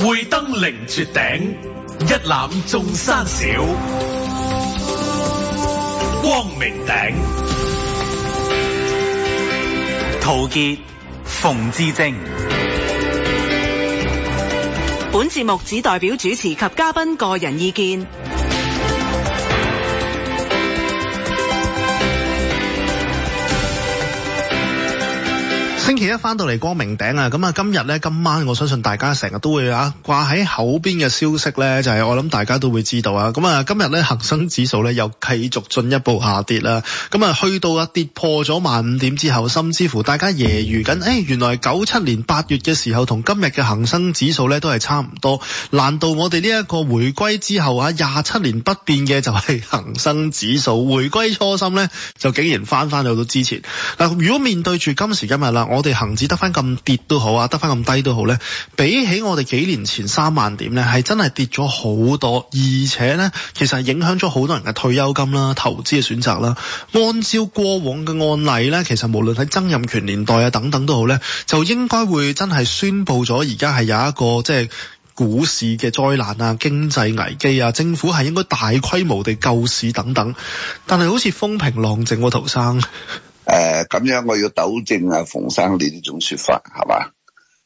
會登凌絕頂，一覽眾山小。光明頂，陶傑、馮智政。本節目只代表主持及嘉賓個人意見。星期一翻到嚟光明頂啊！咁啊，今日呢，今晚，我相信大家成日都會啊掛喺口邊嘅消息呢，就係、是、我諗大家都會知道啊！咁啊，今日呢，恆生指數呢又繼續進一步下跌啦。咁啊，去到啊跌破咗萬五點之後，甚至乎大家揶揄緊，誒原來九七年八月嘅時候同今日嘅恆生指數呢都係差唔多。難道我哋呢一個回歸之後啊，廿七年不變嘅就係恆生指數？回歸初心呢就竟然翻翻去到之前。嗱，如果面對住今時今日啦，我哋恒指得翻咁跌都好啊，得翻咁低都好呢。比起我哋幾年前三萬點呢，係真係跌咗好多，而且呢，其實影響咗好多人嘅退休金啦、投資嘅選擇啦。按照過往嘅案例呢，其實無論喺曾蔭權年代啊等等都好呢，就應該會真係宣布咗而家係有一個即係、就是、股市嘅災難啊、經濟危機啊，政府係應該大規模地救市等等。但係好似風平浪靜喎，陶生。誒、咁、呃、樣，我要糾正啊，馮生你呢種說法係嘛？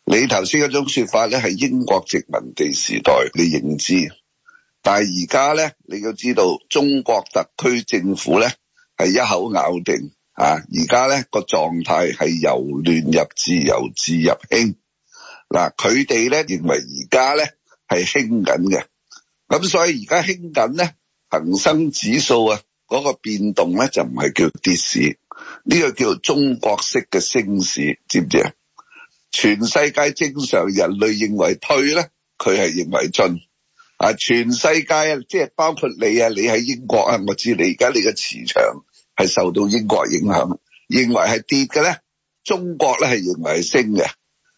你頭先嗰種說法咧，係英國殖民地時代嘅認知，但係而家咧，你要知道，中國特區政府咧，係一口咬定啊，而家咧，個狀態係由亂入治，由治入興。嗱、啊，佢哋咧，認為而家咧係興緊嘅，咁所以而家興緊咧，恒生指數啊，嗰、那個變動咧，就唔係叫跌市。呢個叫做中國式嘅升市，知唔知啊？全世界正常人類認為退呢，佢係認為進啊！全世界啊，即係包括你啊，你喺英國啊，我知你而家你嘅磁場係受到英國影響認為係跌嘅呢，中國呢係認為係升嘅，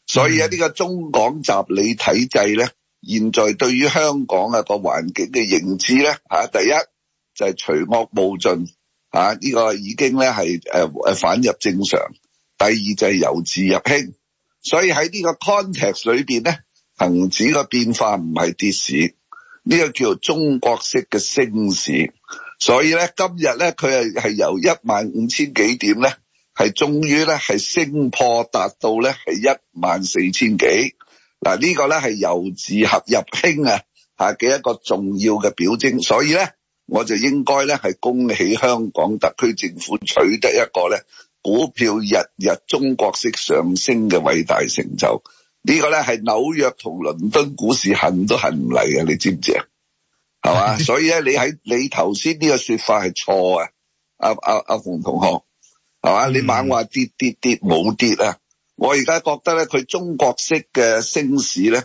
所以啊，呢個中港集理體制呢現在對於香港啊個環境嘅認知呢吓，第一就係除惡務盡。啊！呢個已經咧係誒誒反入正常。第二就係由弱入興，所以喺呢個 context 裏邊咧，恒指嘅變化唔係跌市，呢、這個叫做中國式嘅升市。所以咧，今日咧佢係係由一萬五千幾點咧，係終於咧係升破達到咧係一萬四千幾。嗱、這、呢個咧係由自合入興啊，下嘅一個重要嘅表徵。所以咧。我就應該咧係恭喜香港特區政府取得一個咧股票日日中國式上升嘅偉大成就，呢個咧係紐約同倫敦股市行都行唔嚟嘅，你知唔知啊？係嘛？ 所以咧，你喺你頭先呢個說法係錯嘅，阿阿阿馮同學，係嘛？你猛話跌跌跌冇跌啊！我而家覺得咧，佢中國式嘅升市咧。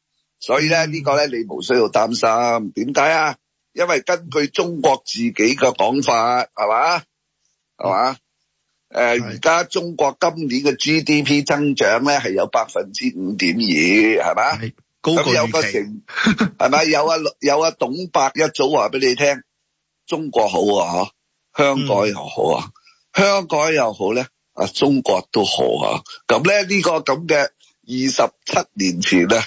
所以咧，呢個咧，你無需要擔心。點解啊？因為根據中國自己嘅講法，係嘛，係嘛？誒是，而家中國今年嘅 GDP 增長咧，係有百分之五點二，係嘛？咁有不成，係咪？有阿有阿董伯一早話俾你聽，中國好啊，嗬，香港又好啊，香港又好咧，啊，中國都好啊。咁咧呢個咁嘅二十七年前咧。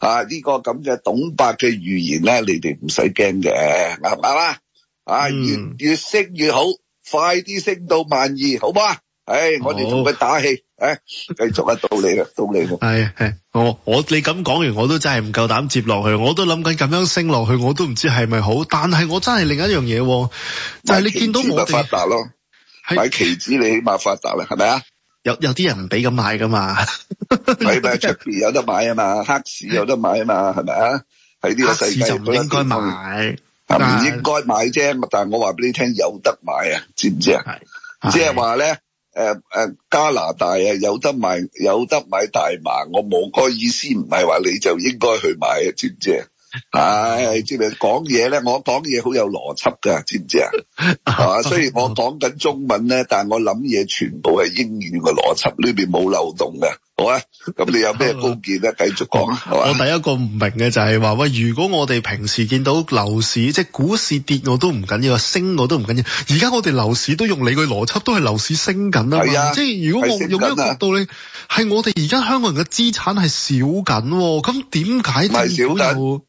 啊！呢個咁嘅董伯嘅預言咧，你哋唔使驚嘅，係咪啊？啊，越越升越好，快啲升到萬二，好唔好啊？唉，我哋同佢打氣，唉，繼續啊，到你啦，到你。係係，我我你咁講完，我都真係唔夠膽接落去，我都諗緊咁樣升落去，我都唔知係咪好。但係我真係另一樣嘢，就係你見到冇得發達咯，但期指，你起碼發達啦，係咪啊？有有啲人唔俾咁買噶嘛？出邊 有得買啊嘛，黑市有得買啊嘛，係咪啊？喺呢個世界嗰啲唔應該買，唔是應該買啫。但係我話俾你聽，有得買啊，知唔知啊？即係話咧，誒誒，加拿大啊，有得賣，有得買大麻。我冇嗰意思，唔係話你就應該去買啊，知唔知啊？唉、 哎，即你講嘢咧？我講嘢好有邏輯噶，知唔知啊？啊，雖然我講緊中文咧，但係我諗嘢全部係英語嘅邏輯，呢邊冇漏洞嘅。好啊，咁你有咩高見咧？繼 續講啊。我第一個唔明嘅就係話喂，如果我哋平時見到樓市即係股市跌，我都唔緊要啊，升我都唔緊要。而家我哋樓市都用你個邏輯，都係樓市升緊啊係啊，即係如果我用一個角度呢，係我哋而家香港人嘅資產係少緊，咁點解緊。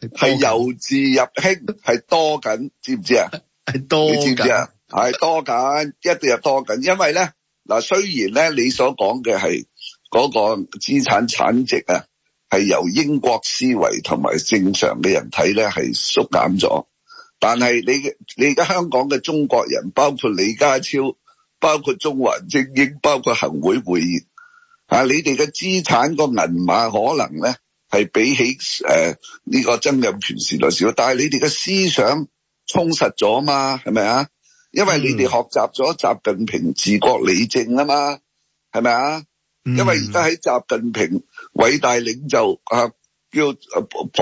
係由自入興，係多緊，知唔知啊？係多，你知唔知啊？係多緊，一定係多緊，因為咧嗱，雖然咧你所講嘅係嗰個資產產值啊，係由英國思維同埋正常嘅人睇咧係縮減咗，但係你嘅你而家香港嘅中國人，包括李家超，包括中環精英，包括行會會議，啊，你哋嘅資產個銀碼可能咧？係比起誒呢、呃這個曾蔭權時代少，但係你哋嘅思想充實咗嘛？係咪啊？因為你哋學習咗習近平治國理政啊嘛，係咪啊？因為而家喺習近平偉大領袖啊叫誒呢、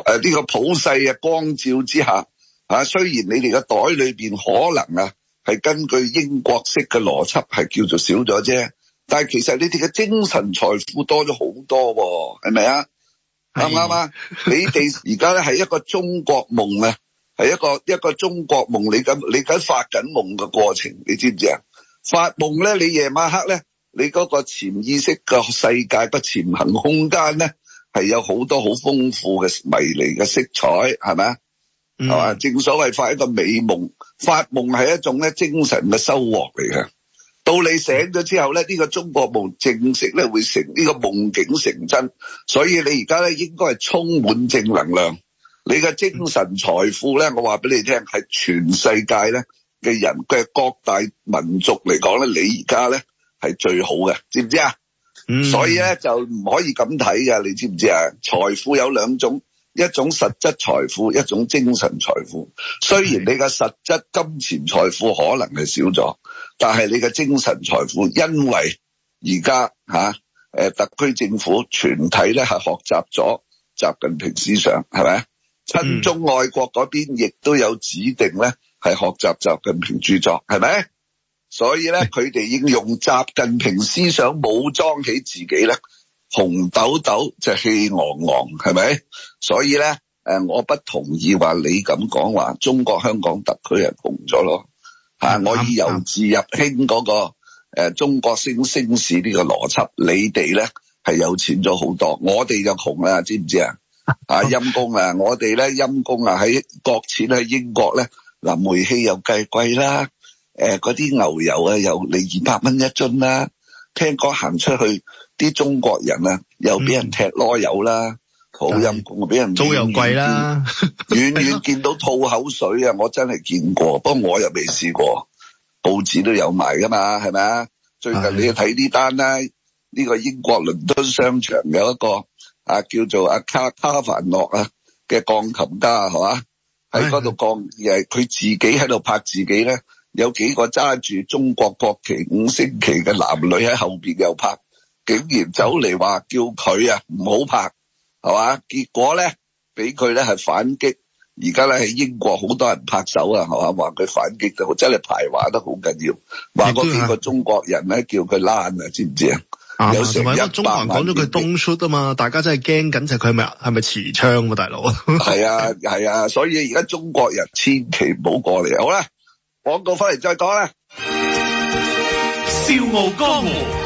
啊這個普世嘅光照之下啊，雖然你哋嘅袋裏邊可能啊係根據英國式嘅邏輯係叫做少咗啫，但係其實你哋嘅精神財富多咗好多喎，係咪啊？啱唔啱啊？是 你哋而家咧係一個中國夢啊，係一個一個中國夢，你咁你咁發緊夢嘅過程，你知唔知啊？發夢咧，你夜晚黑咧，你嗰個潛意識嘅世界不潛行空間咧，係有好多好豐富嘅迷離嘅色彩，係咪啊？係嘛、嗯？正所謂發一個美夢，發夢係一種咧精神嘅收穫嚟嘅。到你醒咗之後咧，呢、這個中國夢正式咧會成呢、這個夢境成真，所以你而家咧應該係充滿正能量。你嘅精神財富咧，我話俾你聽係全世界咧嘅人嘅各大民族嚟講咧，你而家咧係最好嘅，知唔知啊？所以咧就唔可以咁睇㗎。你知唔知啊？財富有兩種。一種實質財富，一種精神財富。雖然你嘅實質金錢財富可能係少咗，但係你嘅精神財富，因為而家特區政府全體咧係學習咗習近平思想，係咪啊？親中愛國嗰邊亦都有指定咧係學習習近平著作，係咪？所以咧，佢哋應用習近平思想武裝起自己咧。紅豆豆就氣昂昂，係咪？所以咧，誒，我不同意話你咁講話。中國香港特區係窮咗咯吓，我以由自入興嗰個誒中國升升市呢個邏輯，你哋咧係有錢咗好多，我哋就窮啦，知唔知啊？啊陰公啊，我哋咧陰公啊，喺國錢喺英國咧，嗱煤氣又計貴啦，誒嗰啲牛油啊又嚟二百蚊一樽啦，聽講行出去。啲中國人啊，又俾人踢籮柚啦，好陰功啊！俾人租又貴啦，遠遠見到吐口水啊！我真係見過，不過我又未試過。報紙都有埋㗎嘛，係咪啊？最近你要睇呢單啦，呢個英國倫敦商場有一個啊，叫做阿卡卡凡諾啊嘅鋼琴家係嘛，喺嗰度鋼誒佢自己喺度拍自己咧，有幾個揸住中國國旗五星旗嘅男女喺後邊又拍。竟然走嚟話叫佢啊唔好拍，係嘛？結果咧俾佢咧係反擊，而家咧喺英國好多人拍手啊，係嘛？話佢反擊就真係排華得好緊要，話嗰幾個中國人咧叫佢爛啊，知唔知啊？有成一百萬講咗佢 don't shoot 啊嘛，大家真係驚緊就佢係咪係咪持槍啊？大佬係啊係啊， 啊，所以而家中國人千祈唔好過嚟，好啦，廣告翻嚟再講啦，笑傲江湖。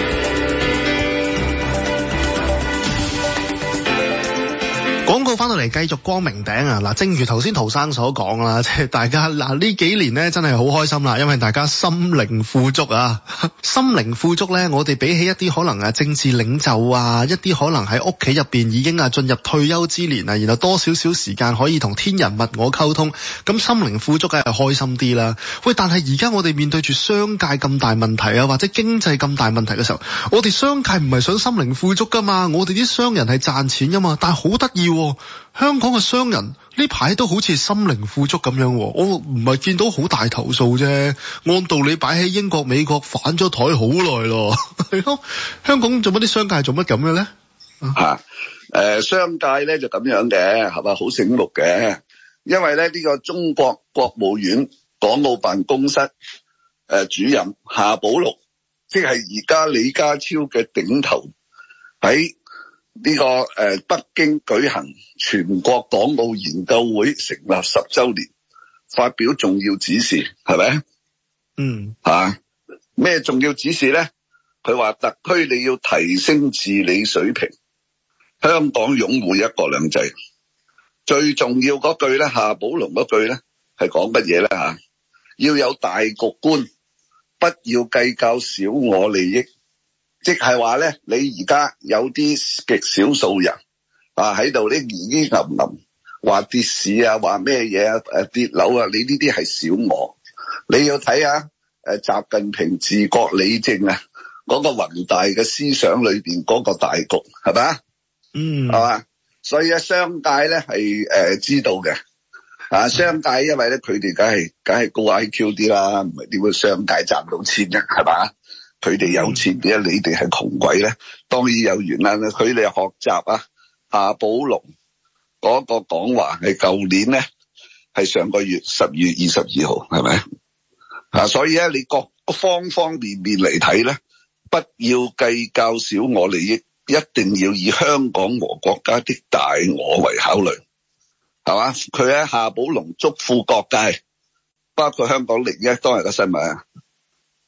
廣告翻到嚟，繼續光明頂啊！嗱，正如頭先陶生所講啦，即係大家嗱呢幾年咧，真係好開心啦，因為大家心靈富足啊！ 心靈富足咧，我哋比起一啲可能啊政治領袖啊，一啲可能喺屋企入邊已經啊進入退休之年啊，然後多少少時間可以同天人物我溝通，咁心靈富足梗係開心啲啦。喂，但係而家我哋面對住商界咁大問題啊，或者經濟咁大問題嘅時候，我哋商界唔係想心靈富足噶嘛，我哋啲商人係賺錢噶嘛，但係好得意。香港嘅商人呢排都好似心靈富足咁樣，我唔係見到好大投訴啫。按道理擺喺英國、美國反咗台好耐咯。係咯。香港做乜啲商界做乜咁嘅咧？吓，誒，商界咧就咁樣嘅，係咪好醒目嘅？因為咧呢個中國國務院港澳辦公室誒主任夏寶龍，即係而家李家超嘅頂頭喺。呢、這個誒、呃，北京舉行全國港澳研究會成立十周年，發表重要指示，係咪？嗯，吓咩、啊、重要指示咧？佢話特區你要提升治理水平，香港擁護一國兩制。最重要嗰句咧，夏寶龍嗰句咧，係講乜嘢咧？吓，要有大局觀，不要計較小我利益。即係話咧，你而家有啲極少數人啊，喺度你咿咿吟吟，話跌市啊，話咩嘢啊？誒，跌樓啊！你呢啲係小我，你要睇下誒，習近平治國理政啊，嗰個宏大嘅思想裏邊嗰個大局係咪？嗯，係嘛？所以咧，商界咧係誒知道嘅，啊，商界因為咧佢哋梗係梗係高 I Q 啲啦，唔係點會商界賺到錢係嘛？佢哋有錢，點解你哋係窮鬼咧？當然有緣啦。佢哋學習啊，夏寶龍嗰個講話係舊年咧，係上個月十月二十二號，係咪吧啊？所以咧，你各方方面面嚟睇咧，不要計較少我利益，一定要以香港和國家的大我為考慮，係嘛？佢喺、啊、夏寶龍祝賀各界，包括香港01當日嘅新聞。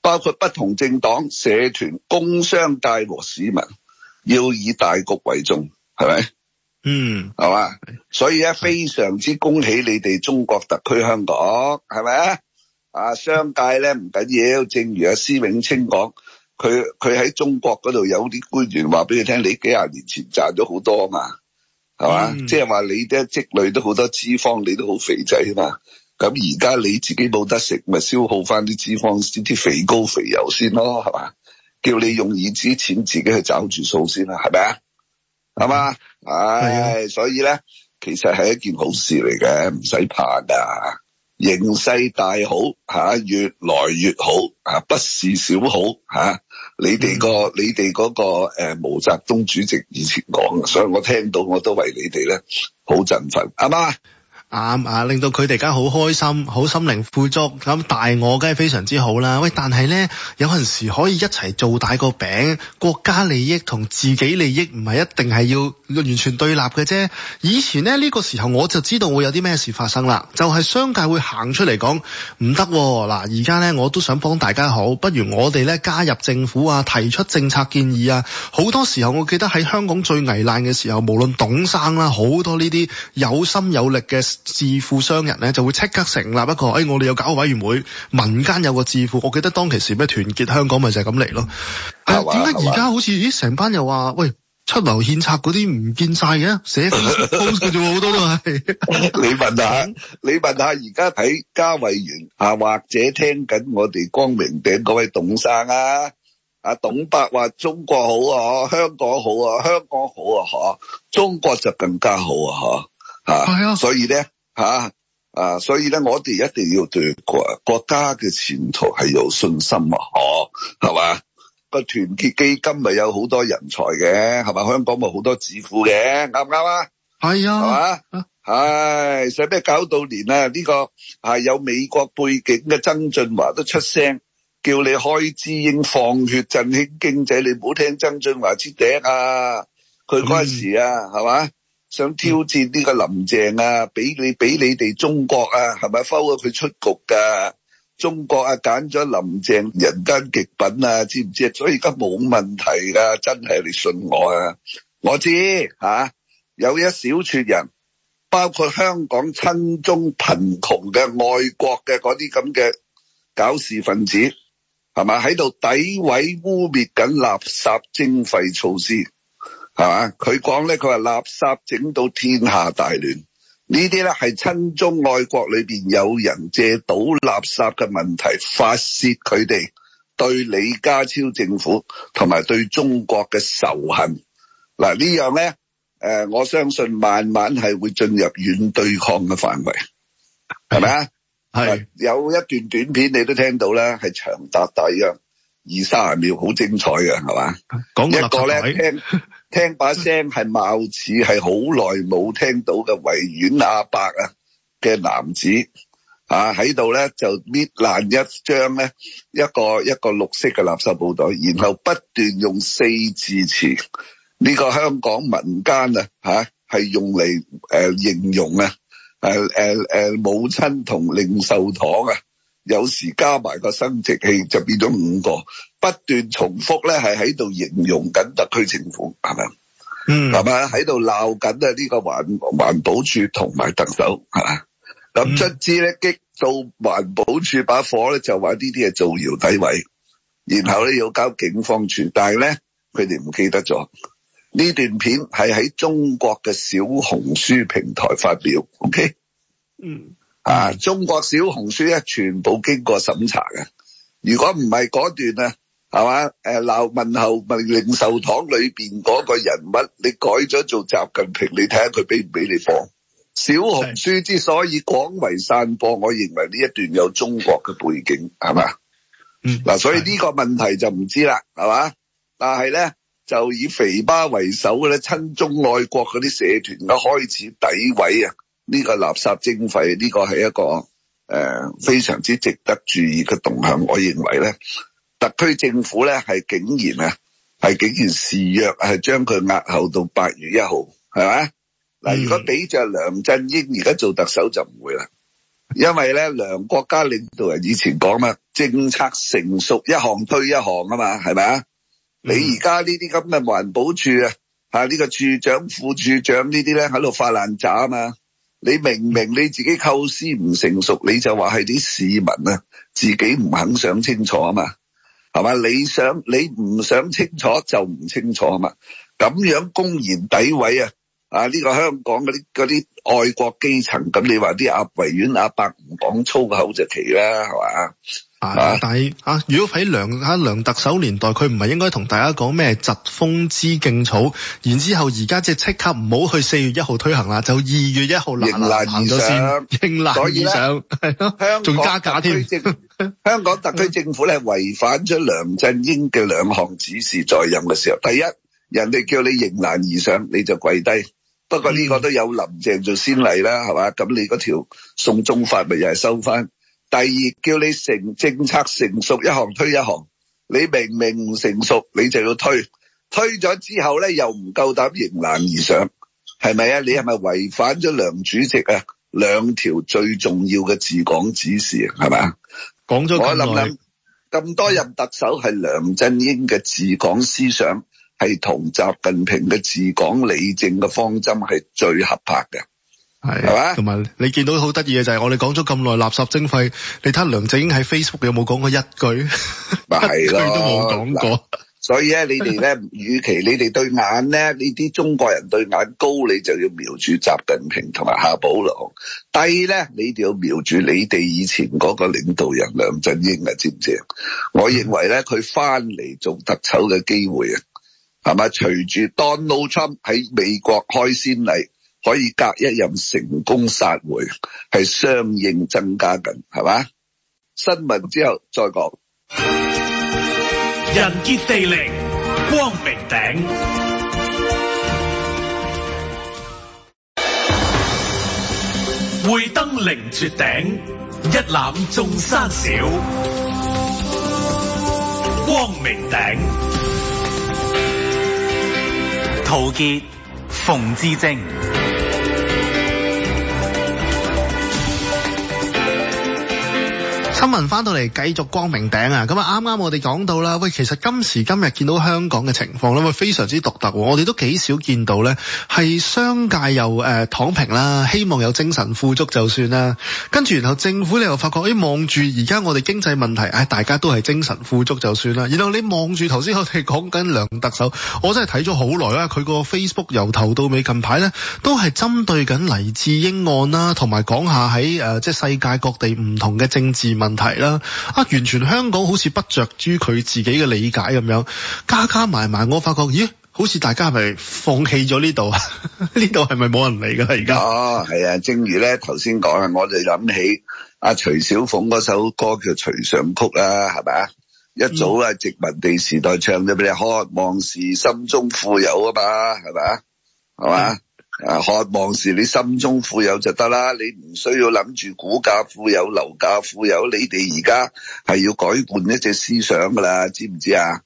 包括不同政黨、社團、工商界和市民，要以大局為重，係咪？嗯，係嘛？所以咧，非常之恭喜你哋中國特區香港，係咪啊？商界咧唔緊要，正如阿施永清講，佢佢喺中國嗰度有啲官員話俾你聽，你幾廿年前賺咗好多嘛，係嘛？即係話你都積累都好多脂肪，你都好肥仔嘛？咁而家你自己冇得食，咪消耗翻啲脂肪，先啲肥膏肥油先咯，係嘛？叫你用耳子錢自己去找住數先啦，係咪啊？係嘛？唉，所以咧，其實係一件好事嚟嘅，唔使怕噶。形勢大好，吓，越來越好，不是小好，吓。你哋、嗰個，嗯、你哋嗰個，誒，毛澤東主席以前講，所以我聽到我都為你哋咧好振奮，係嘛？啱啊、嗯！令到佢哋而家好開心，好心靈富足咁，大我梗係非常之好啦。喂，但係呢，有陣時候可以一齊做大個餅，國家利益同自己利益唔係一定係要完全對立嘅啫。以前呢，呢、呢個時候我就知道會有啲咩事發生啦。就係、是、商界會行出嚟講唔得喎。嗱，而家呢，我都想幫大家好，不如我哋呢，加入政府啊，提出政策建議啊。好多時候我記得喺香港最危難嘅時候，無論董生啦、啊，好多呢啲有心有力嘅。智庫商人咧就會即刻成立一個，誒我哋有搞個委員會，民間有個智庫，我記得當其時咩團結香港咪就係咁嚟咯。係啊，點解而家好似咦成班又話喂出謀獻策嗰啲唔見曬嘅，寫 post 嘅啫喎，好多都係。你問下，你問下而家喺家委員啊，或者聽緊我哋光明頂嗰位董生啊，啊董伯話中國好啊，香港好啊，香港好啊嚇，中國就更加好啊嚇嚇。係啊，所以咧。吓、啊，啊，所以咧，我哋一定要對國國家嘅前途係有信心啊，哦，係嘛，個團結基金咪有好多人才嘅，係嘛，香港咪好多智庫嘅，啱唔啱啊？係吧啊，係嘛，唉，使咩搞到年、這個、啊？呢個係有美國背景嘅曾俊華都出聲，叫你開支應放血振興經濟，你唔好聽曾俊華之笛啊，佢嗰陣時啊，係嘛、嗯？是想挑戰呢個林鄭啊，俾你俾你哋中國啊，係咪啊，咗佢出局噶？中國啊，揀咗林鄭人間極品啊，知唔知啊？所以而家冇問題噶、啊，真係你信我啊！我知吓、啊，有一小撮人，包括香港親中貧窮嘅愛國嘅嗰啲咁嘅搞事分子，係咪喺度詆毀污衊緊垃圾徵費措施。係嘛？佢講咧，佢話垃圾整到天下大亂，呢啲咧係親中愛國裏邊有人借倒垃圾嘅問題發泄佢哋對李家超政府同埋對中國嘅仇恨。嗱，呢樣咧，誒，我相信慢慢係會進入軟對抗嘅範圍，係咪啊？係吧是有一段短片你都聽到啦，係長達大約二三十秒，好精彩嘅，係嘛？講垃圾。一個聽 聽把聲係貌似係好耐冇聽到嘅維園阿伯啊嘅男子啊喺度咧，就搣爛一張咧一個一個綠色嘅垃圾布袋，然後不斷用四字詞呢個香港民間啊嚇係用嚟誒形容啊誒誒誒母親同零售堂啊。有時加埋個生殖器就變咗五個，不斷重複咧係喺度形容緊特區情況，係咪？嗯、mm.，係咪喺度鬧緊啊？呢個環環保署同埋特首，係嘛？咁卒之咧激到環保署把火咧，就話呢啲係造謠詆毀，然後咧、mm. 要交警方處。但係咧佢哋唔記得咗呢段片係喺中國嘅小紅書平台發表，OK？嗯。Mm. 啊！中國小紅書咧，全部經過審查嘅。如果唔係嗰段啊，係嘛？誒，鬧問候問零售堂裏邊嗰個人物，你改咗做習近平，你睇下佢俾唔俾你放？小紅書之所以廣為散播，我認為呢一段有中國嘅背景，係嘛？嗱、嗯啊，所以呢個問題就唔知啦，係嘛？但係咧，就以肥巴為首嘅咧，親中愛國嗰啲社團都開始詆毀啊！呢個垃圾徵費呢、這個係一個誒、呃、非常之值得注意嘅動向，我認為呢特區政府呢係竟然啊係竟然示弱，係將佢押後到八月一號，係咪？嗱、嗯，如果畀着梁振英而家做特首就唔會啦，因為呢梁國家領導人以前講嘛，政策成熟一項推一項啊嘛，係咪、嗯、啊？你而家呢啲咁嘅環保署啊，吓呢個署長、副署長呢啲呢，喺度發爛渣啊嘛～你明明你自己構思唔成熟，你就話係啲市民啊，自己唔肯想清楚啊嘛，係嘛？你想你唔想清楚就唔清楚啊嘛，咁樣公然詆毀啊！啊！呢、呢個香港嗰啲啲愛國基層咁，噉你話啲阿維園阿伯唔講粗口就奇啦，係嘛啊？但係啊！如果喺梁啊梁特首年代，佢唔係應該同大家講咩疾風知勁草，然之後而家即係即刻唔好去四月一號推行啦，就二月一號迎難而上，迎難而上。嗯、所以咧，仲加價添！香港特區政府 香港特區政府咧違反咗梁振英嘅兩項指示，在任嘅時候，第一，人哋叫你迎難而上，你就跪低。嗯、不過呢個都有林鄭做先例啦，係嘛？咁你嗰條送中法咪又係收翻。第二叫你成政策成熟，一行推一行。你明明唔成熟，你就要推，推咗之後咧又唔夠膽迎難而上，係咪啊？你係咪違反咗梁主席啊？兩條最重要嘅治港指示，係咪？講咗咁耐，我諗諗，咁多任特首係梁振英嘅治港思想。係同習近平嘅治港理政嘅方針係最合拍嘅，係係嘛？同埋吧你見到好得意嘅就係我哋講咗咁耐垃圾徵費，你睇下梁振英喺 Facebook 有冇講過一句？一句都冇講過，所以咧，你哋咧，與其你哋對眼咧， 你啲中國人對眼高，你就要瞄住習近平同埋夏寶龍第二咧，你哋要瞄住你哋以前嗰個領導人梁振英啊？知唔知？我認為咧，佢翻嚟做特首嘅機會啊！係咪隨住 Donald Trump 喺美國開先例，可以隔一任成功殺回，係相應增加緊，係嘛？新聞之後再講。人傑地靈，光明頂，會登凌絕頂，一覽眾山小。光明頂。陶傑、馮智政。新聞翻到嚟，繼續光明頂啊！咁啊，啱啱我哋講到啦，喂，其實今時今日見到香港嘅情況咧，咪非常之獨特。我哋都幾少見到呢，係商界又躺平啦，希望有精神富足就算啦。跟住然後政府你又發覺，咦、哎，望住而家我哋經濟問題，唉、哎，大家都係精神富足就算啦。然後你望住頭先我哋講緊梁特首，我真係睇咗好耐啦，佢個 Facebook 由頭到尾近排呢，都係針對緊黎智英案啦，同埋講下喺即係世界各地唔同嘅政治問題。題啦啊！完全香港好似不着於佢自己嘅理解咁樣，加加埋埋，我發覺，咦，好似大家咪放棄咗呢度啊？呢度係咪冇人嚟噶啦而家？哦，係啊，正如咧頭先講啊，我就諗起阿、啊、徐小鳳嗰首歌叫《隨想曲》啦，係咪？嗯、一早啊，殖民地時代唱咗俾你渴望時心中富有啊嘛，係咪？係嘛？啊！渴望時你心中富有就得啦，你唔需要諗住股價富有、樓價富有。你哋而家係要改換一隻思想噶啦，知唔知啊？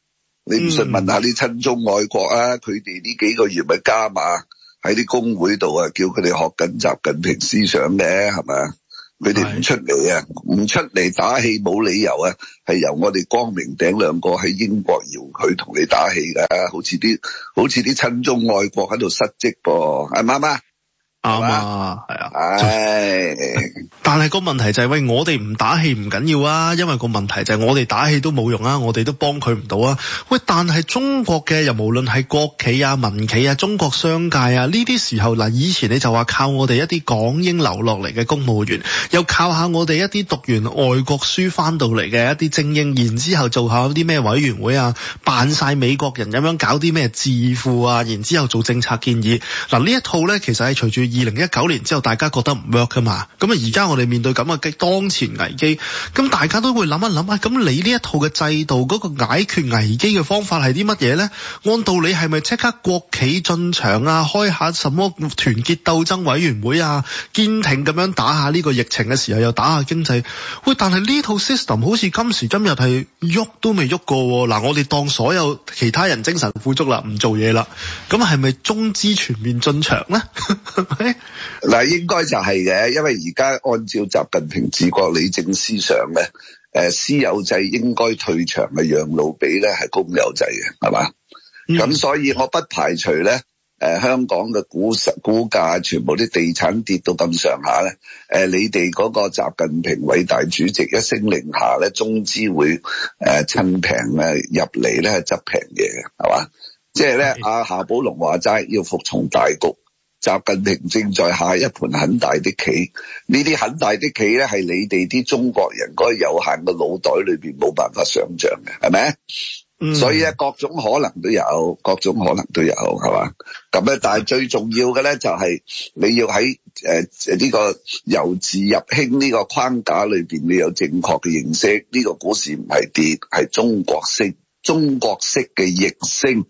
你唔信問下啲親中愛國啊，佢哋呢幾個月咪加碼喺啲工會度啊，叫佢哋學緊習近平思想嘅，係咪啊？佢哋唔出嚟啊，唔出嚟打氣冇理由啊，係由我哋光明頂兩個喺英國搖佢同你打氣噶，好似啲好似啲親中愛國喺度失職噃，啱唔啱啊？啱啊，係啊，哎、呀 但係個問題就係、是、喂，我哋唔打氣唔緊要啊，因為個問題就係我哋打氣都冇用啊，我哋都幫佢唔到啊。喂，但係中國嘅又無論係國企啊、民企啊、中國商界啊，呢啲時候嗱、呃，以前你就話靠我哋一啲港英留落嚟嘅公務員，又靠下我哋一啲讀完外國書翻到嚟嘅一啲精英，然之後做下啲咩委員會啊，扮晒美國人咁樣搞啲咩智庫啊，然之後做政策建議。嗱、呃、呢一套呢，其實係隨住，二零一九年之後，大家覺得唔 work 噶嘛？咁啊，而家我哋面對咁嘅當前危機，咁大家都會諗一諗啊。咁你呢一套嘅制度，嗰個解決危機嘅方法係啲乜嘢呢？按道理係咪即刻國企進場啊？開下什麼團結鬥爭委員會啊？堅挺咁樣打下呢個疫情嘅時候，又打下經濟。喂，但係呢套 system 好似今時今日係喐都未喐過啊。嗱，我哋當所有其他人精神富足啦，唔做嘢啦。咁係咪中資全面進場呢？ 嗱，應該就係、是、嘅，因為而家按照習近平治國理政思想咧，誒，私有制應該退場嘅讓路畀咧係公有制嘅，係嘛？咁、嗯、所以我不排除咧，誒，香港嘅股市股價全部啲地產跌到咁上下咧，誒，你哋嗰個習近平偉大主席一聲令下咧，中資會誒趁平咧入嚟咧係執平嘢嘅，係嘛？即係咧阿夏寶龍話齋要服從大局。習近平正在下一盤很大的棋，呢啲很大的棋咧，係你哋啲中國人嗰有限個腦袋裏邊冇辦法想像嘅，係咪？所以咧，各種可能都有，各種可能都有，係嘛？咁咧，但係最重要嘅咧就係你要喺誒呢個由治入興呢個框架裏邊，你有正確嘅認識。呢個股市唔係跌，係中國式中國式嘅逆升，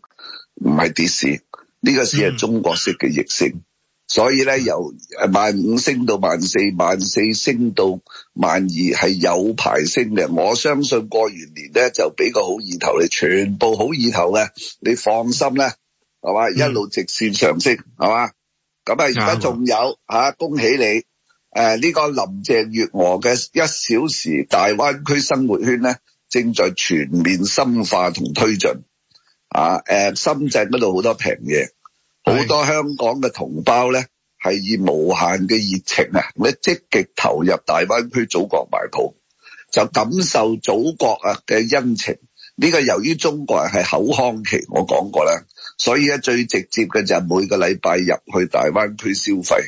唔係跌市。呢個市係中國式嘅逆升。所以咧，由萬五升到萬四，萬四升到萬二，係有排升嘅。我相信過完年咧就俾個好意頭你，全部好意頭嘅，你放心啦，係嘛，一路直線上升，係嘛、嗯。咁啊而家仲有吓，恭喜你誒！呢、啊這個林鄭月娥嘅一小時大灣區生活圈咧，正在全面深化同推進啊。誒、啊啊，深圳嗰度好多平嘢。好是多香港嘅同胞咧，係以無限嘅熱情啊，咧積極投入大灣區祖國懷抱，就感受祖國啊嘅恩情。呢、這個由於中國人係口腔期，我講過啦，所以咧最直接嘅就係每個禮拜入去大灣區消費，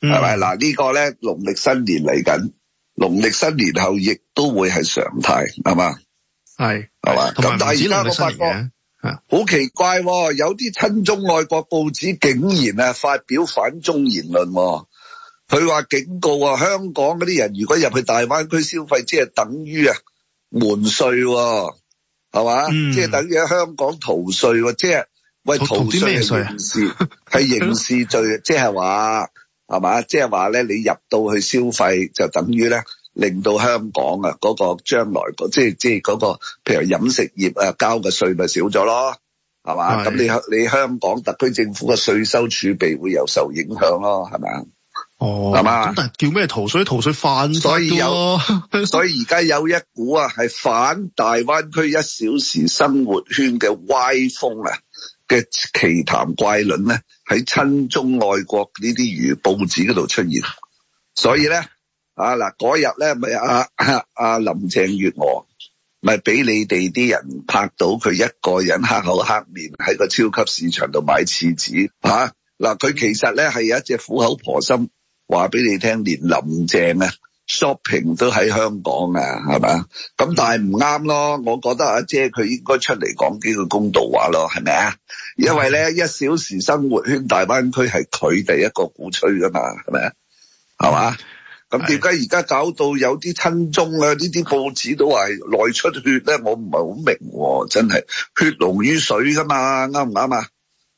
係咪、嗯？嗱呢、這個咧農曆新年嚟緊，農曆新年後亦都會係常態，係嘛？係是，係嘛吧？咁但係而家我發覺。有好奇怪，有啲親中愛國報紙竟然啊發表反中言論，佢話警告啊香港嗰啲人，如果入去大灣區消費，即係等於啊瞞稅，係嘛？嗯、即係等於喺香港逃稅，即係喂逃稅嘅人士係刑事罪，即係話，係嘛？即係話咧，你入到去消費就等於咧。令到香港啊，嗰、嗰個將來即係即係、嗰、嗰個，譬如飲食業啊，交嘅稅咪少咗咯，係嘛是？咁你香你香港特區政府嘅稅收儲備會又受影響咯，係咪哦，係嘛吧？咁但係叫咩逃稅？逃稅犯？所以有， 所以而家有一股啊，係反大灣區一小時生活圈嘅歪風啊嘅奇談怪論咧，喺親中愛國呢啲魚報紙嗰度出現，嗯、所以咧。啊嗱，嗰日咧咪阿林鄭月娥咪俾你哋啲人拍到佢一個人黑口黑面喺個超級市場度買廁紙嚇嗱，佢、啊、其實咧係有一隻苦口婆心話俾你聽，連林鄭啊 shopping 都喺香港啊，係咪？咁、嗯，但係唔啱咯。我覺得阿姐佢應該出嚟講幾句公道話咯，係咪啊？因為咧一小時生活圈大灣區係佢哋一個鼓吹噶嘛，係咪啊？係嘛？咁點解而家搞到有啲親中啊？呢啲報紙都話內出血咧，我唔係好明，真係血濃於水㗎嘛，啱唔啱啊？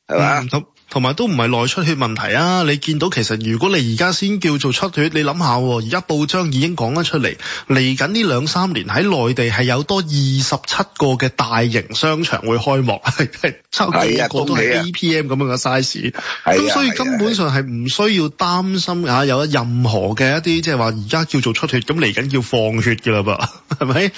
係嘛、嗯？同埋都唔係內出血問題啊！你見到其實如果你而家先叫做出血，你諗下，而家報章已經講得出嚟，嚟緊呢兩三年喺內地係有多二十七個嘅大型商場會開幕，係差唔多一個、啊、都係 APM 咁樣嘅 size，咁所以根本上係唔需要擔心呀，有任何嘅一啲即係話而家叫做出血，咁嚟緊要放血㗎啦噃，係咪？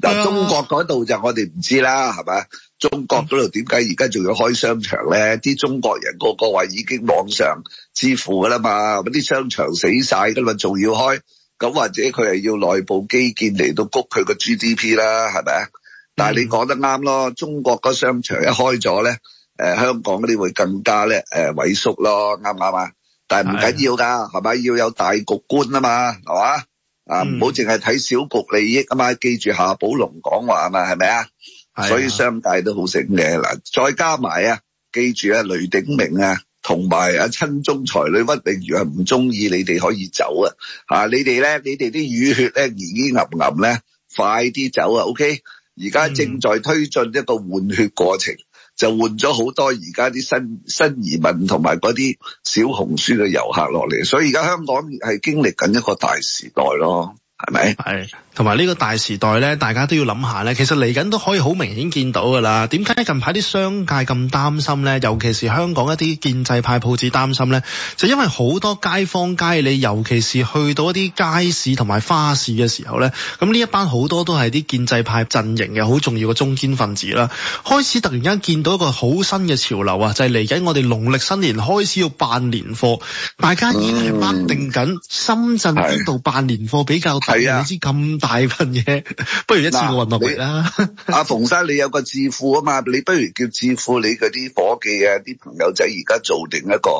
嗱，中國嗰度就我哋唔知啦，係咪？中國嗰度點解而家仲要開商場咧？啲中國人個個話已經網上支付噶啦嘛，咁啲商場死晒噶啦，仲要開。咁或者佢係要內部基建嚟到谷佢個 GDP 啦，係咪啊？但係你講得啱咯，中國個商場一開咗咧，誒，香港嗰啲會更加咧誒萎縮咯，啱唔啱啊？但係唔緊要噶，係咪要有大局觀啊嘛？係嘛啊？唔好淨係睇小局利益啊嘛，記住夏寶龍講話啊嘛，係咪啊？啊、所以商界都好醒嘅嗱，再加埋啊，記住啊，雷鼎鳴啊，同埋啊親中才女屈榮、嗯、如啊，唔中意你哋可以走啊，吓，你哋咧，你哋啲淤血咧，黏黏吟吟咧，快啲走啊，OK？而家正在推進一個換血過程，嗯、就換咗好多而家啲新新移民同埋嗰啲小紅書嘅遊客落嚟，所以而家香港係經歷緊一個大時代咯，係咪？係。同埋呢個大時代呢，大家都要諗下呢。其實嚟緊都可以好明顯見到㗎啦。點解近排啲商界咁擔心呢？尤其是香港一啲建制派鋪子擔心呢，就因為好多街坊街里，尤其是去到一啲街市同埋花市嘅時候呢，咁呢一班好多都係啲建制派陣營嘅好重要嘅中堅分子啦，開始突然間見到一個好新嘅潮流啊，就係嚟緊我哋農曆新年開始要辦年貨，大家已經係定緊深圳呢度辦年貨比較抵，嗯、你知咁。大份嘢， 不如一次過運落嚟啦！阿馮、啊 啊、生，你有個智庫啊嘛？你不如叫智庫你嗰啲伙計啊、啲朋友仔而家做定一個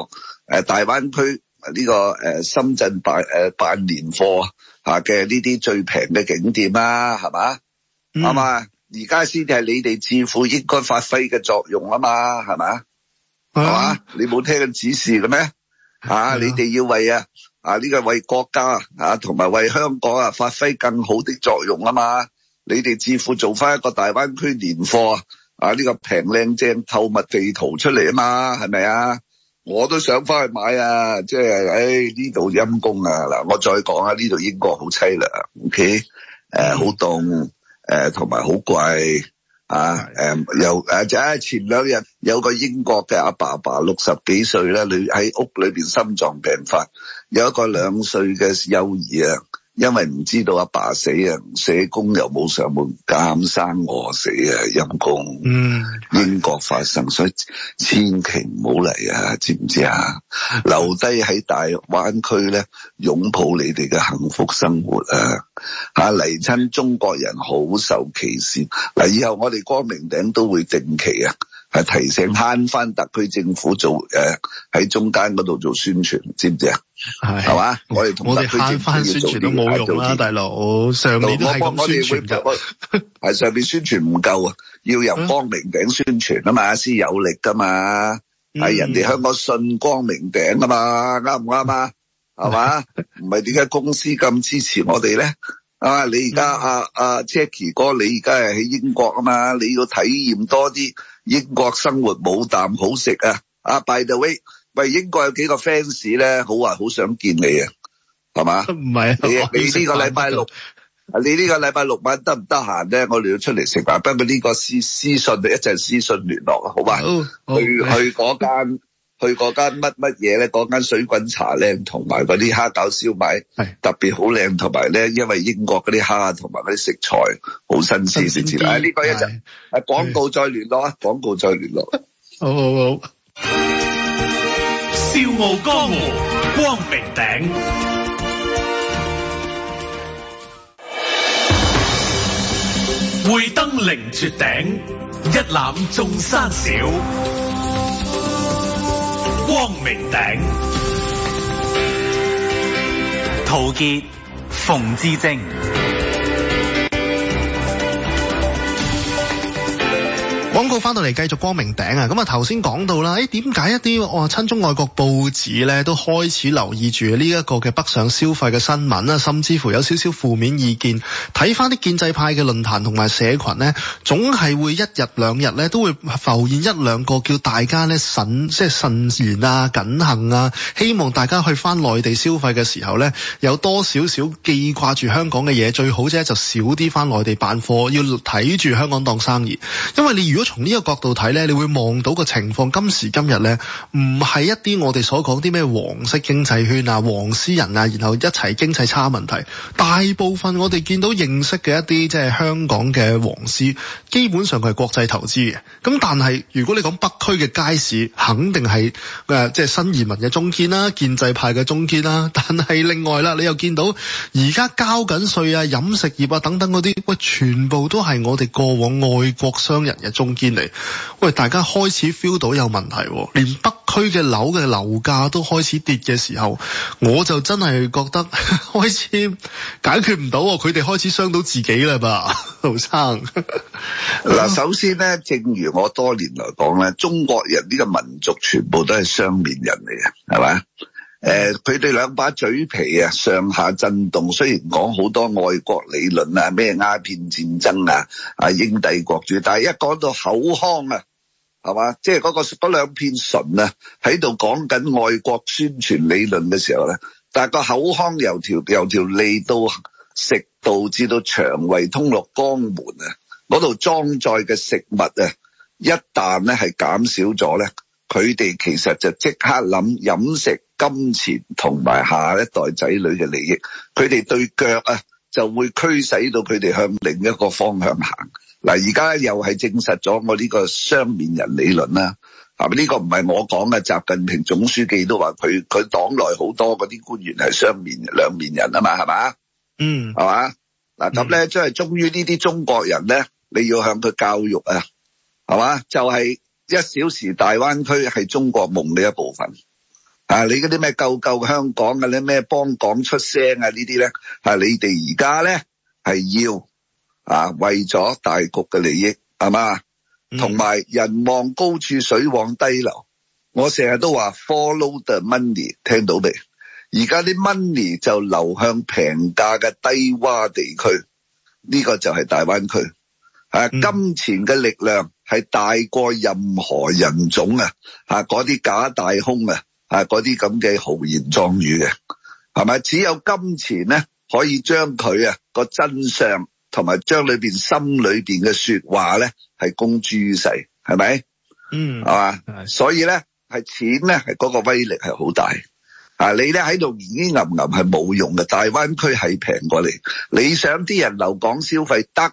誒大灣區呢個誒深圳辦誒辦年貨啊嘅呢啲最平嘅景點啊，係嘛？係嘛、嗯，而家先至係你哋智庫應該發揮嘅作用啊嘛，係嘛？係嘛、啊？你冇聽緊指示嘅咩、啊啊？你哋要為啊～啊！呢、呢個為國家啊，同埋為香港啊，發揮更好的作用啊嘛！你哋致富做翻一個大灣區年貨啊！呢、啊呢個平靚正透密地圖出嚟啊嘛，係咪啊？我都想翻去買啊！即係，呢度陰公啊！嗱，我再講下呢度英國好淒涼，ok，誒好凍，誒同埋好貴啊，誒、呃、又誒、啊，前兩日有個英國嘅阿爸爸，六十幾歲咧，喺屋裏邊心臟病發。有一個兩歲嘅幼兒啊，因為唔知道阿爸，爸死啊，社工又冇上門，監生餓死啊，陰公，嗯，英國發生，所以千祈唔好嚟啊，知唔知啊？嗯、留低喺大灣區咧，擁抱你哋嘅幸福生活啊！吓嚟親中國人好受歧視嗱，以後我哋光明頂都會定期啊。提醒慳翻特區政府做誒喺、嗯呃、中間嗰度做宣傳，知唔知啊？係係嘛？我哋同特區政府要做啲咩？冇、嗯、用啦了，大佬上邊都係咁宣傳係 上面宣傳唔夠啊，要由光明頂宣傳啊嘛，先有力噶嘛。係、嗯、人哋香港信光明頂啊嘛，啱唔啱啊？係嘛吧？唔係點解公司咁支持我哋咧、嗯？啊，你、啊、而家阿阿 Jacky 哥，你而家係喺英國啊嘛，你要體驗多啲。英國生活冇啖好食啊！啊，by the way，喂，英國有幾個 fans 咧，好啊，好想見你啊，係嘛？唔係啊，你呢個禮拜六， 你呢個禮拜六晚得唔得閒咧？我哋要出嚟食飯，不過呢個私私信，你一陣私信聯絡啊，好嘛？Oh, okay. 去去嗰間。去嗰間乜乜嘢咧？嗰間水滾茶靚，同埋嗰啲蝦餃燒賣，特別好靚，同埋咧，因為英國嗰啲蝦同埋嗰啲食材好新鮮先至。啊，呢個一陣，啊廣告再聯絡啊，廣告再聯絡。好好好。好好好好笑傲江湖，光明頂，會登凌絕頂，一覽眾山小。光明頂，陶傑、馮智政。廣告翻到嚟繼續光明頂啊！咁啊頭先講到啦，誒點解一啲親中外國報紙咧都開始留意住呢一個嘅北上消費嘅新聞啊，甚至乎有少少負面意見。睇翻啲建制派嘅論壇同埋社群呢，總係會一日兩日咧都會浮現一兩個叫大家咧慎即係慎言啊、謹行啊，希望大家去翻內地消費嘅時候呢，有多少少記掛住香港嘅嘢最好啫，就少啲翻內地辦貨，要睇住香港當生意，因為你如果從呢個角度睇呢，你會望到個情況，今時今日呢，唔係一啲我哋所講啲咩黃色經濟圈啊、黃絲人啊，然後一齊經濟差問題。大部分我哋見到認識嘅一啲即係香港嘅黃絲，基本上佢係國際投資嘅。咁但係如果你講北區嘅街市，肯定係誒即係新移民嘅中堅啦、建制派嘅中堅啦。但係另外啦，你又見到而家交緊稅啊、飲食業啊等等嗰啲，喂，全部都係我哋過往外國商人嘅中。見嚟，喂，大家開始 feel 到有問題，連北區嘅樓嘅樓價都開始跌嘅時候，我就真係覺得開始解決唔到，佢哋開始傷到自己啦吧，盧生。嗱，首先咧，正如我多年嚟講咧，中國人呢個民族全部都係雙面人嚟嘅，係咪？誒，佢哋兩把嘴皮啊上下震動，雖然講好多愛國理論啊，咩鴉片戰爭啊，啊英帝國主，但係一講到口腔啊，係嘛，即係嗰個兩片唇啊，喺度講緊愛國宣傳理論嘅時候咧，但係個口腔由條由條脷到食道至到腸胃通落肛門啊，嗰度裝載嘅食物啊，一旦咧係減少咗咧。佢哋其實就即刻諗飲食、金錢同埋下一代仔女嘅利益，佢哋對腳啊就會驅使到佢哋向另一個方向行。嗱，而家又係證實咗我呢個雙面人理論啦。係咪呢個唔係我講嘅？習近平總書記都話佢佢黨內好多嗰啲官員係雙面人兩面人啊嘛，係嘛？嗯，係嘛？嗱，咁咧，即係終於呢啲中國人咧，你要向佢教育啊，係嘛？就係。一小時大灣區係中國夢嘅一部分啊！你嗰啲咩救救香港嘅、啊、你咩幫港出聲啊？這些呢啲咧，啊你哋而家咧係要啊為咗大局嘅利益係嘛？同埋、嗯、人望高處，水往低流，我成日都話 follow the money，聽到未？而家啲 money 就流向平價嘅低洼地區，呢、這個就係大灣區啊！金錢嘅力量。嗯係大過任何人種啊！吓，嗰啲假大空啊，吓，嗰啲咁嘅豪言壯語嘅、啊，係咪？只有金錢咧，可以將佢啊、嗰個真相，同埋將裏邊心裏邊嘅說話咧，係公諸於世，係咪？嗯，係嘛吧？所以咧，係錢咧，係、那、嗰個威力係好大啊！你咧喺度疑疑吟吟，係冇用嘅，大灣區係平過你，你想啲人留港消費得？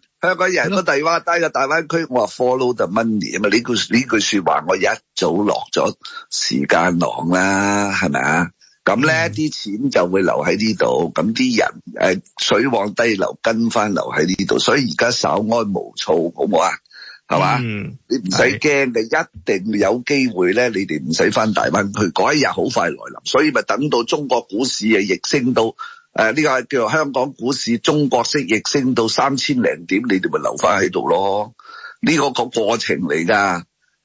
香港人喺地灣低嘅大灣區，我話 follow the money 啊嘛！呢句呢句説話我一早落咗時間囊啦，係咪啊？咁咧啲錢就會留喺呢度，咁啲人誒水往低流，跟翻留喺呢度，所以而家稍安無躁好冇啊？係嘛？你唔使驚嘅，你一定有機會咧，你哋唔使翻大灣區，嗰一日好快來臨，所以咪等到中國股市啊逆升到。誒，呢、啊這個叫做香港股市中國式逆升到三千零點，你哋咪留翻喺度咯？呢、這個個過程嚟噶，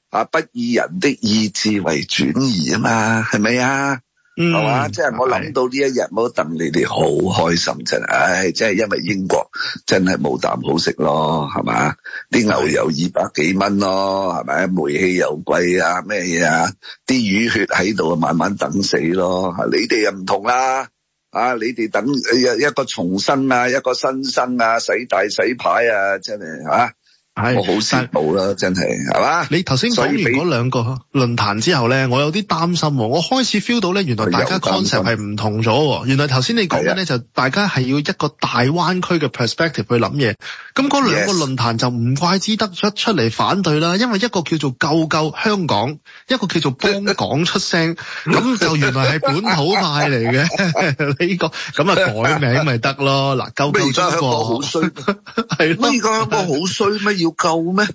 啊不以人的意志為轉移啊嘛，係咪啊？係嘛、嗯？即係我諗到呢一日，的我戥你哋好開心真係，唉、哎，即係因為英國真係冇啖好食咯，係嘛？啲的牛油二百幾蚊咯，係咪？煤氣又貴啊，咩嘢啊？啲魚血喺度啊，慢慢等死咯。你哋又唔同啦。啊！你哋等一一個重生啊，一個新生啊，洗大洗牌啊，真係啊！係，我好失望啦，真係係嘛？你頭先講完嗰兩個論壇之後咧，我有啲擔心喎。我開始 feel 到咧，原來大家 concept 係唔同咗。原來頭先你講緊咧，就大家係要一個大灣區嘅 perspective 去諗嘢。咁嗰兩個論壇就唔怪之得出出嚟反對啦。因為一個叫做救救香港，一個叫做幫港出聲，咁就原來係本土派嚟嘅。你呢個咁啊改名咪得咯？嗱，救救香港好衰，係咯。咁香港好衰咩？要夠咩？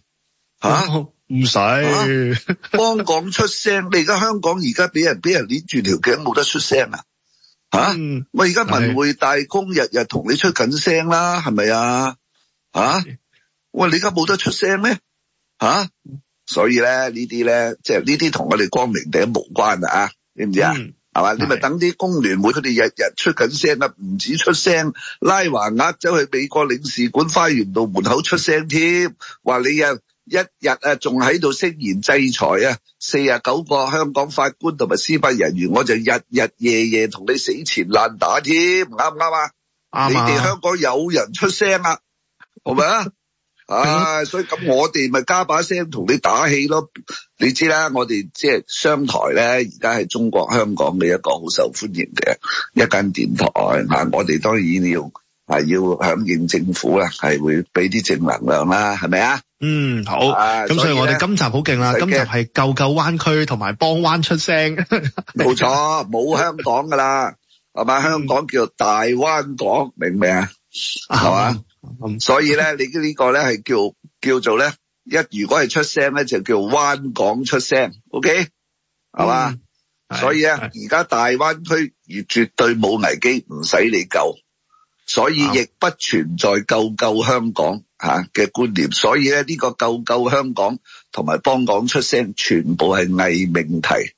吓，唔使幫港出聲。你而家香港而家俾人俾人捏住條頸，冇得出聲啊！吓、嗯，我而家文匯大公的日日同你出緊聲啦，係咪啊？吓、啊，喂，你而家冇得出聲咩？吓、啊，所以咧呢啲咧，即係呢啲同我哋光明頂無關啊，知唔知啊？嗯係嘛？你咪等啲工聯會佢哋日日出緊聲啦，唔止出聲，拉橫額走去美國領事館花園道門口出聲添，話你啊一日啊仲喺度聲言制裁啊四十九個香港法官同埋司法人員，我就日日夜夜同你死纏爛打添，啱唔啱啊？啱啊吧！你哋香港有人出聲啊？好咪？啊！ 唉，所以咁我哋咪加把聲同你打氣咯。你知啦，我哋即係商台咧，而家係中國香港嘅一個好受歡迎嘅一間電台。嗱，我哋當然要啊，要響應政府啊，係會俾啲正能量啦，係咪啊？嗯，好。咁所以我哋今集好勁啦，今集係救救灣區同埋幫灣出聲。冇錯，冇香港噶啦，係嘛？香港叫做大灣港，明唔明啊？係嘛？嗯、所以咧，你、這、呢個咧係叫叫做咧一，如果係出聲咧就叫灣港出聲，OK，係嘛？OK？嗯、吧所以咧，而家的大灣區而絕對冇危機，唔使你救，所以亦不存在救救香港吓嘅觀念。的所以咧，呢個救救香港同埋幫港出聲，全部係偽命題，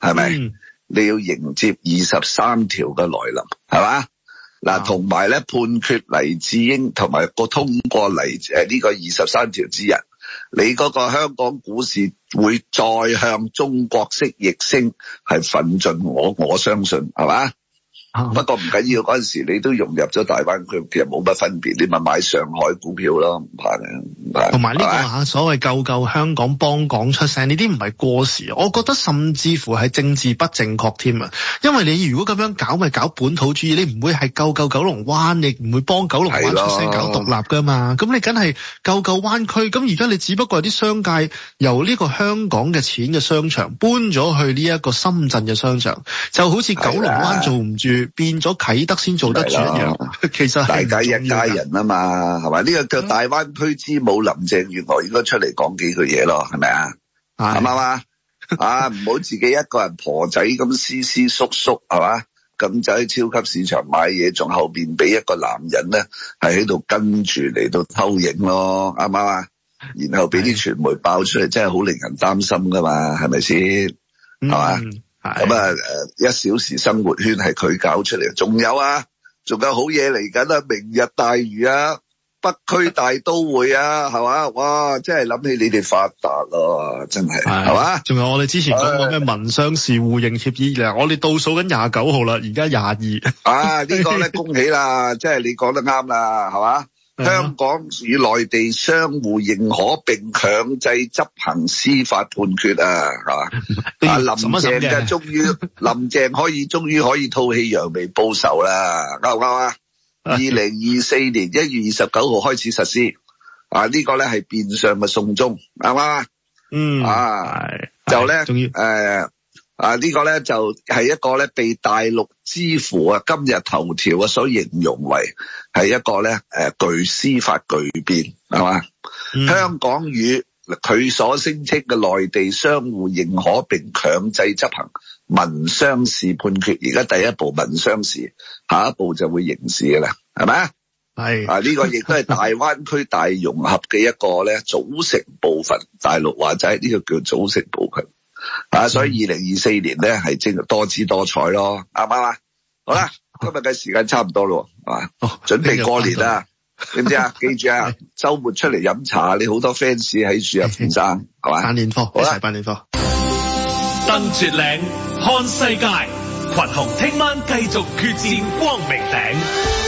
係咪？嗯、你要迎接二十三條嘅來臨，係嘛？嗱，同埋咧判決黎智英同埋個通過黎誒呢個二十三條之日，你嗰個香港股市會再向中國式逆升，係奮進我，我相信係嘛？啊！不過唔緊要，嗰陣時你都融入咗大灣區，其實冇乜分別。你咪買上海股票咯，唔怕嘅。同埋呢個嚇吧所謂救救香港幫港出聲，呢啲唔係過時，我覺得甚至乎係政治不正確添啊！因為你如果咁樣搞，咪、就是、搞本土主義，你唔會係救救九龍灣，亦唔會幫九龍灣出聲的搞獨立噶嘛。咁你梗係救救灣區。咁而家你只不過係啲商界由呢個香港嘅錢嘅商場搬咗去呢一個深圳嘅商場，就好似九龍灣做唔住。變咗啟德先做得住一樣，其實係大家一家人啊嘛，係嘛？呢個叫大灣區之母林鄭月娥應該出嚟講幾句嘢咯，係咪啊？啱唔啱啊？唔好自己一個人婆仔咁思思縮縮，係嘛？咁就喺超級市場買嘢，仲後邊俾一個男人咧係喺度跟住嚟到偷影咯，啱唔啱啊？然後俾啲傳媒爆出嚟，真係好令人擔心噶嘛，係咪先？係嘛？咁啊，誒是，一小時生活圈係佢搞出嚟嘅，仲有啊，仲有好嘢嚟緊啊，明日大嶼啊，北區大都會啊，係嘛？ 哇，真係諗起你哋發達咯，真係，係嘛是？仲吧有我哋之前講過咩民商事互認協議啊，我哋倒數緊廿九號啦，而家廿二。啊，呢個咧恭喜啦，即係你講得啱啦，係嘛？香港與內地相互認可並強制執行司法判決啊，係嘛？啊林鄭就終於林鄭可以終於可以吐氣揚眉報仇啦，啱唔啱啊？二零二四年一月二十九號開始實施啊，呢個咧係變相嘅送中啱唔啱啊？嗯啊，就咧誒。啊，呢、這個呢，就係、是、一個咧被大陸支付啊，今日頭條啊所形容為係一個咧誒巨司法巨變，係嘛？嗯、香港與佢所聲稱嘅內地相互認可並強制執行民商事判決，而家第一步民商事，下一步就會刑事㗎啦，係咪是啊？啊，呢個亦都係大灣區大融合嘅一個咧組成部分， 大陸話就係呢個叫組成部分。啊，所以二零二四年咧係正多姿多彩咯，啱唔啱？好啦，今日嘅時間差唔多啦，係嘛？準備過年啦，點、哦、 知啊？記住啊，周末出嚟飲茶，你好多 fans 喺樹入面生，係嘛？ 拜年科，好啦吧，拜年科，登吧絕嶺看世界，群雄聽晚繼續決戰光明頂。